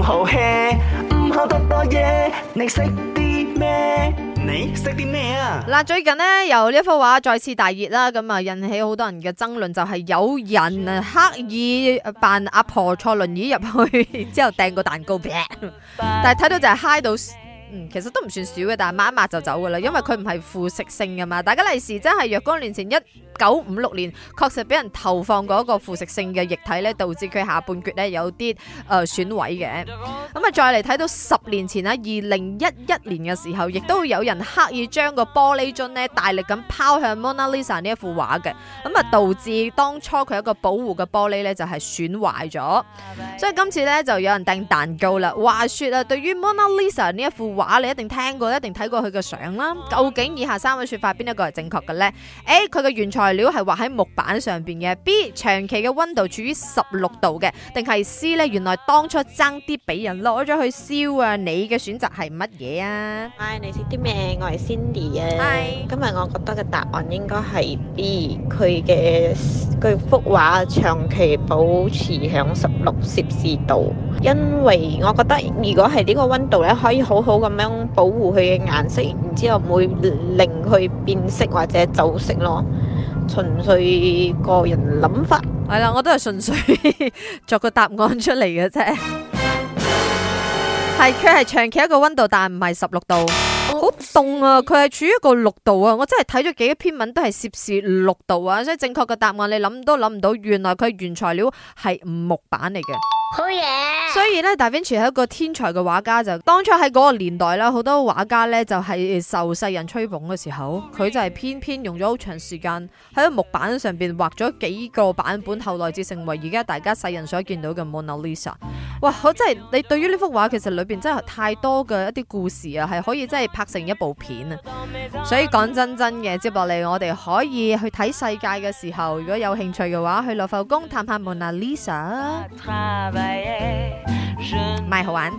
唔好 hea，唔好多多嘢，你識啲咩？你識啲咩啊？嗱，最近呢，由呢一幅畫再次大熱啦，咁啊引起好多人嘅爭論，就係、是、有人啊刻意扮阿婆坐輪椅入去，之後掟個蛋糕，但係睇到就係 high 到。嗯，其實都唔算少嘅，但係抹一抹就走噶啦，因為佢唔係腐蝕性噶嘛。大家利是真係若干年前一九五六年，確實俾人投放過一個腐蝕性嘅液體咧，導致佢下半截咧有啲誒損毀嘅。咁、呃、啊、嗯，再嚟睇到十年前啊，二零一一年嘅時候，亦都會有人刻意將個玻璃樽咧，大力咁拋向 Mona Lisa 呢一幅畫嘅，咁啊導致當初佢一個保護嘅玻璃咧就係損壞咗。所以今次咧就有人訂蛋糕啦。話說啊，對於 Mona Lisa 呢一副。話你一定聽過，一定睇過佢嘅相啦。究竟以下三個說法邊一個係正確嘅呢？A，佢嘅原材料係畫喺木板上邊嘅。B 長期嘅温度處於十六度嘅，定係 C 呢？原來當初爭啲俾人攞咗去燒啊！你嘅選擇係乜嘢啊？Hi，你食啲咩？我係 Cindy 啊。Hi。今日我覺得嘅答案應該係 B，佢嘅。佢幅畫長期保持響十六攝氏度，因為我覺得如果係呢個温度咧，可以好好咁樣保護佢嘅顏色，然之後唔會令佢變色或者走色咯。純粹個人諗法，係啦，我都係純粹 作個答案出嚟嘅啫。係，佢係長期一個溫度，但唔係十六度。好凍啊！佢係處於一個綠度啊，我真係睇咗幾個篇文都係攝氏綠度啊，所以正確嘅答案你諗都諗唔到，原來佢原材料係木板嚟嘅。好嘢！雖然咧，達芬奇係一個天才嘅畫家，就當初喺嗰個年代啦，好多畫家咧就係受世人吹捧嘅時候，佢就係偏偏用咗好長時間喺個木板上邊畫咗幾個版本，後來至成為而家大家世人所見到嘅《Mona Lisa》。哇！好真係，你對於呢幅畫其實裏邊真係太多嘅一啲故事啊，係可以真係拍成一部片啊！所以講真真嘅，接落嚟我哋可以去睇世界嘅時候，如果有興趣嘅話，去羅浮宮探下蒙娜麗莎。咪好玩！